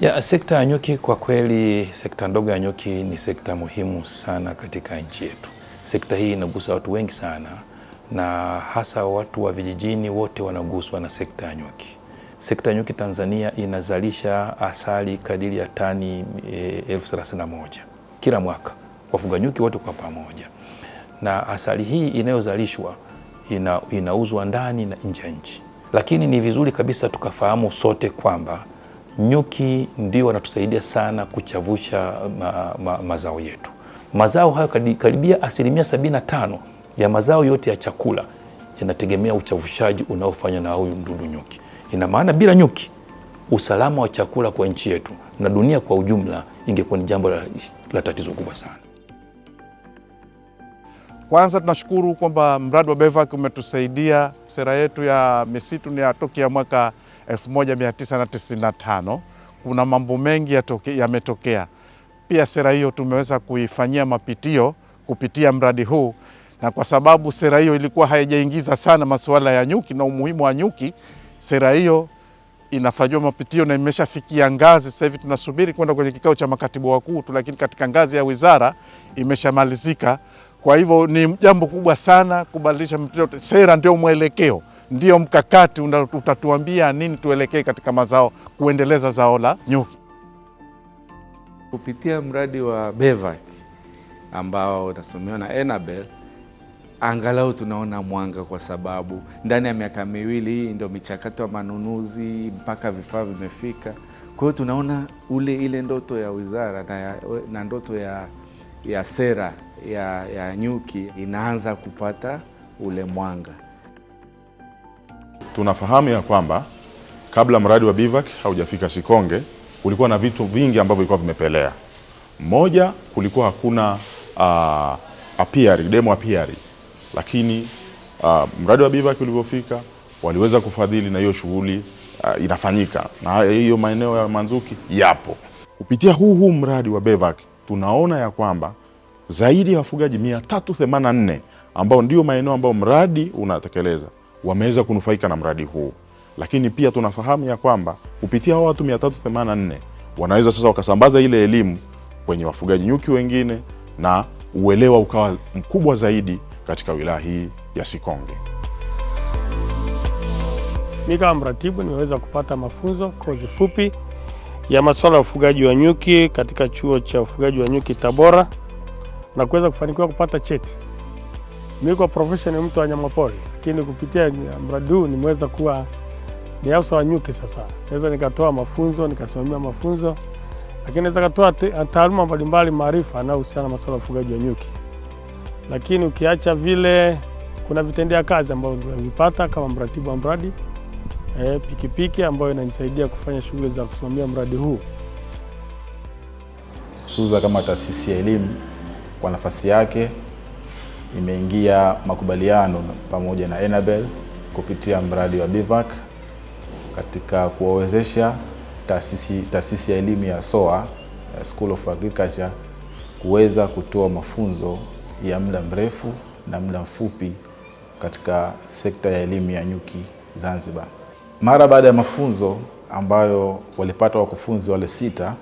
Ya, sekta ya nyuki kwa kweli, sekta ndogo ya nyuki ni sekta muhimu sana katika nchi yetu. Sekta hii inagusa watu wengi sana, na hasa watu wa vijijini wote wanaguswa na sekta ya nyuki. Sekta ya nyuki Tanzania inazalisha asali kadiri ya tani e, elfu thelathini na moja kila mwaka, wafuga nyuki wote kwa pamoja, na asali hii inayozalishwa ina, inauzwa ndani na nje ya nchi, lakini ni vizuri kabisa tukafahamu sote kwamba nyuki ndio wanatusaidia sana kuchavusha ma, ma, mazao yetu. Mazao hayo karibia asilimia sabini na tano ya mazao yote ya chakula yanategemea uchavushaji unaofanywa na huyu mdudu nyuki. Ina maana bila nyuki usalama wa chakula kwa nchi yetu na dunia kwa ujumla ingekuwa ni jambo la, la tatizo kubwa sana. Kwanza tunashukuru kwamba mradi wa BEVAC umetusaidia. Sera yetu ya misitu ni ya toki ya mwaka 1995 kuna mambo mengi yametokea ya pia sera hiyo tumeweza kuifanyia mapitio kupitia mradi huu, na kwa sababu sera hiyo ilikuwa haijaingiza sana masuala ya nyuki na umuhimu wa nyuki, sera hiyo inafanyiwa mapitio na imeshafikia ngazi sasa hivi tunasubiri kwenda kwenye kikao cha makatibu wakuu, lakini katika ngazi ya wizara imeshamalizika. Kwa hivyo ni jambo kubwa sana kubadilisha mapitio. Sera ndio mwelekeo ndio mkakati utatuambia nini tuelekee katika mazao, kuendeleza zao la nyuki kupitia mradi wa BEVAC ambao unasimamiwa na Enabel, angalau tunaona mwanga, kwa sababu ndani ya miaka miwili hii ndio michakato ya manunuzi mpaka vifaa vimefika. Kwa hiyo tunaona ule ile ndoto ya wizara na, ya, na ndoto ya, ya sera ya, ya nyuki inaanza kupata ule mwanga tunafahamu ya kwamba kabla mradi wa bivak haujafika Sikonge kulikuwa na vitu vingi ambavyo vilikuwa vimepelea. Moja, kulikuwa hakuna uh, ah, apiari, demo apiari, lakini uh, mradi wa bivak ulivyofika waliweza kufadhili na hiyo shughuli uh, inafanyika na hiyo maeneo ya manzuki yapo. Kupitia huu huu mradi wa bivak tunaona ya kwamba zaidi ya wafugaji 384 ambao ndio maeneo ambayo mradi unatekeleza wameweza kunufaika na mradi huu, lakini pia tunafahamu ya kwamba kupitia hao watu 384 wanaweza sasa wakasambaza ile elimu kwenye wafugaji nyuki wengine na uelewa ukawa mkubwa zaidi katika wilaya hii ya Sikonge. Mi kama mratibu nimeweza kupata mafunzo kozi fupi ya masuala ya ufugaji wa nyuki katika chuo cha ufugaji wa nyuki Tabora na kuweza kufanikiwa kupata cheti mimi kwa profession ni mtu wa wanyamapori, lakini kupitia mradi huu nimeweza kuwa ni afisa wa nyuki. Sasa naweza nikatoa mafunzo, nikasimamia mafunzo, lakini naweza katoa taaluma mbalimbali, maarifa yanayohusiana na masuala ya ufugaji wa nyuki. Lakini ukiacha vile, kuna vitendea kazi ambavyo tunavipata kama mratibu wa mradi e, pikipiki ambayo inanisaidia kufanya shughuli za kusimamia mradi huu. SUZA kama taasisi ya elimu kwa nafasi yake imeingia makubaliano pamoja na Enabel kupitia mradi wa BIVAC katika kuwawezesha taasisi taasisi ya elimu ya SOA ya School of Agriculture kuweza kutoa mafunzo ya muda mrefu na muda mfupi katika sekta ya elimu ya nyuki Zanzibar. Mara baada ya mafunzo ambayo walipata wakufunzi wale sita,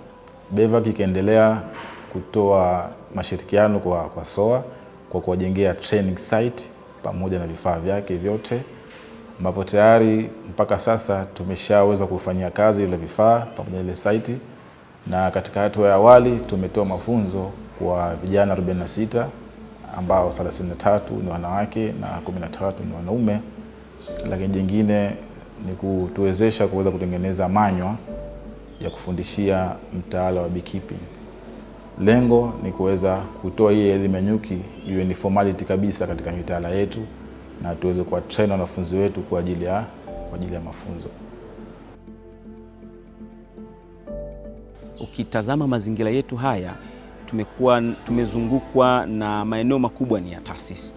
BEVAC ikaendelea kutoa mashirikiano kwa, kwa SOA kwa kuwajengea training site pamoja na vifaa vyake vyote, ambapo tayari mpaka sasa tumeshaweza kufanyia kazi vile vifaa pamoja na ile site, na katika hatua ya awali tumetoa mafunzo kwa vijana 46 ambao 33 ni wanawake na 13 ni wanaume. Lakini jingine ni kutuwezesha kuweza kutengeneza manywa ya kufundishia mtaala wa beekeeping. Lengo ni kuweza kutoa hii elimu ya nyuki iwe ni formality kabisa katika mitaala yetu na tuweze kuwa train wanafunzi wetu kwa ajili ya kwa ajili ya mafunzo. Ukitazama mazingira yetu haya, tumekuwa tumezungukwa na maeneo makubwa ni ya taasisi,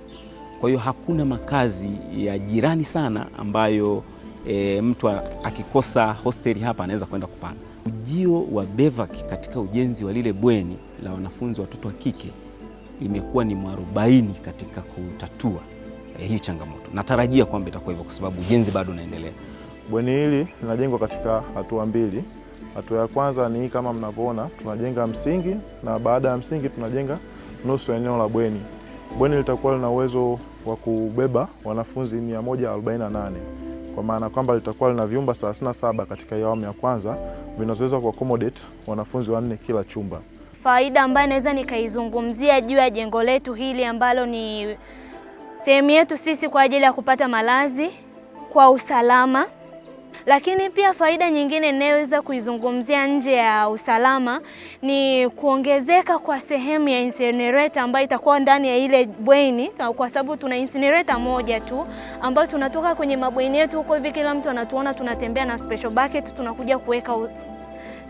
kwa hiyo hakuna makazi ya jirani sana ambayo e, mtu akikosa hosteli hapa anaweza kwenda kupanga. Ujio wa BEVAC katika ujenzi wa lile bweni la wanafunzi watoto wa kike imekuwa ni mwarobaini katika kutatua e, hii changamoto. Natarajia kwamba itakuwa hivyo kwa sababu ujenzi bado unaendelea. Bweni hili linajengwa katika hatua mbili. Hatua ya kwanza ni hii kama mnavyoona, tunajenga msingi na baada ya msingi tunajenga nusu ya eneo la bweni. Bweni litakuwa lina uwezo wa kubeba wanafunzi 148 kwa maana kwamba litakuwa lina vyumba 37 katika awamu ya kwanza vinazoweza accommodate wanafunzi wanne kila chumba. Faida ambayo naweza nikaizungumzia juu ya jengo letu hili ambalo ni sehemu yetu sisi kwa ajili ya kupata malazi kwa usalama lakini pia faida nyingine inayoweza kuizungumzia nje ya usalama ni kuongezeka kwa sehemu ya incinerator ambayo itakuwa ndani ya ile bweni, kwa sababu tuna incinerator moja tu ambayo tunatoka kwenye mabweni yetu huko hivi, kila mtu anatuona tunatembea na special bucket, tunakuja kuweka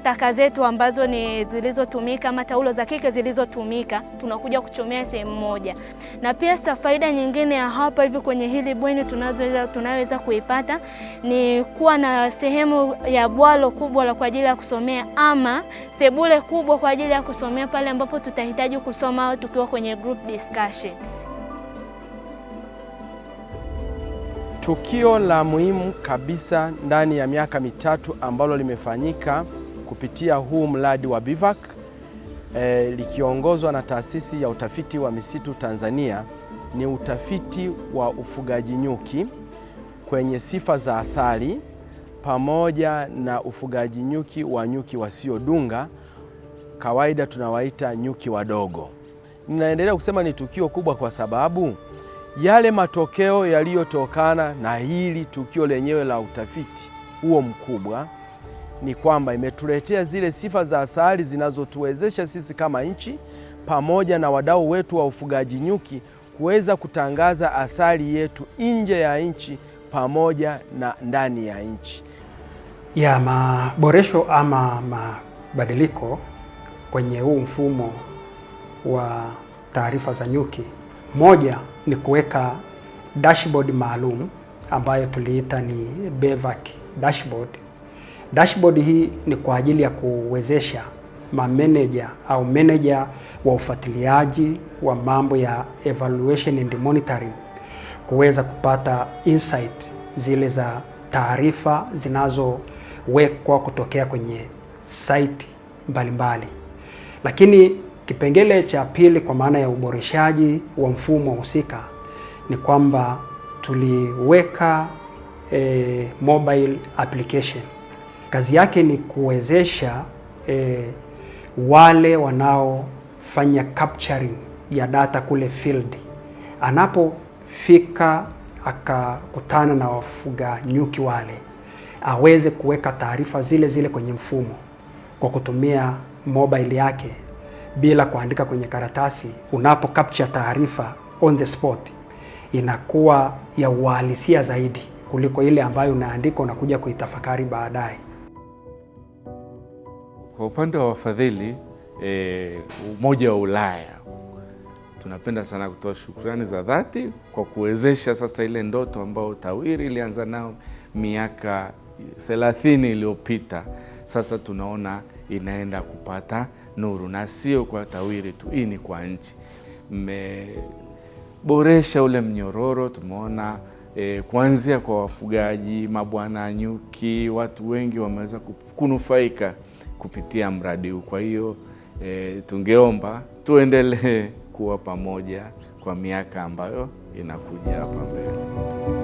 taka zetu ambazo ni zilizotumika ama taulo za kike zilizotumika tunakuja kuchomea sehemu moja. Na pia sa faida nyingine ya hapa hivi kwenye hili bweni tunazoweza tunaweza kuipata ni kuwa na sehemu ya bwalo kubwa la kwa ajili ya kusomea ama sebule kubwa kwa ajili ya kusomea pale ambapo tutahitaji kusoma au tukiwa kwenye group discussion. Tukio la muhimu kabisa ndani ya miaka mitatu ambalo limefanyika kupitia huu mradi wa BIVAC e, likiongozwa na taasisi ya utafiti wa misitu Tanzania, ni utafiti wa ufugaji nyuki kwenye sifa za asali pamoja na ufugaji nyuki wa nyuki wasiodunga, kawaida tunawaita nyuki wadogo. Ninaendelea kusema ni tukio kubwa kwa sababu yale matokeo yaliyotokana na hili tukio lenyewe la utafiti huo mkubwa ni kwamba imetuletea zile sifa za asali zinazotuwezesha sisi kama nchi pamoja na wadau wetu wa ufugaji nyuki kuweza kutangaza asali yetu nje ya nchi pamoja na ndani ya nchi. Ya maboresho ama mabadiliko kwenye huu mfumo wa taarifa za nyuki, moja ni kuweka dashboard maalum ambayo tuliita ni BEVAC dashboard Dashboard hii ni kwa ajili ya kuwezesha mameneja au meneja wa ufuatiliaji wa mambo ya evaluation and monitoring kuweza kupata insight zile za taarifa zinazowekwa kutokea kwenye site mbalimbali. Lakini kipengele cha pili kwa maana ya uboreshaji wa mfumo husika ni kwamba tuliweka e, mobile application Kazi yake ni kuwezesha e, wale wanaofanya capturing ya data kule field, anapofika akakutana na wafuga nyuki wale, aweze kuweka taarifa zile zile kwenye mfumo kwa kutumia mobile yake bila kuandika kwenye karatasi. Unapo capture taarifa on the spot, inakuwa ya uhalisia zaidi kuliko ile ambayo unaandika unakuja kuitafakari baadaye. Kwa upande wa wafadhili e, Umoja wa Ulaya tunapenda sana kutoa shukrani za dhati kwa kuwezesha sasa ile ndoto ambayo TAWIRI ilianza nao miaka thelathini iliyopita sasa tunaona inaenda kupata nuru, na sio kwa TAWIRI tu, hii ni kwa nchi. Mmeboresha ule mnyororo, tumeona e, kuanzia kwa wafugaji, mabwana nyuki, watu wengi wameweza kunufaika kupitia mradi huu. Kwa hiyo e, tungeomba tuendelee kuwa pamoja kwa miaka ambayo inakuja hapa mbele.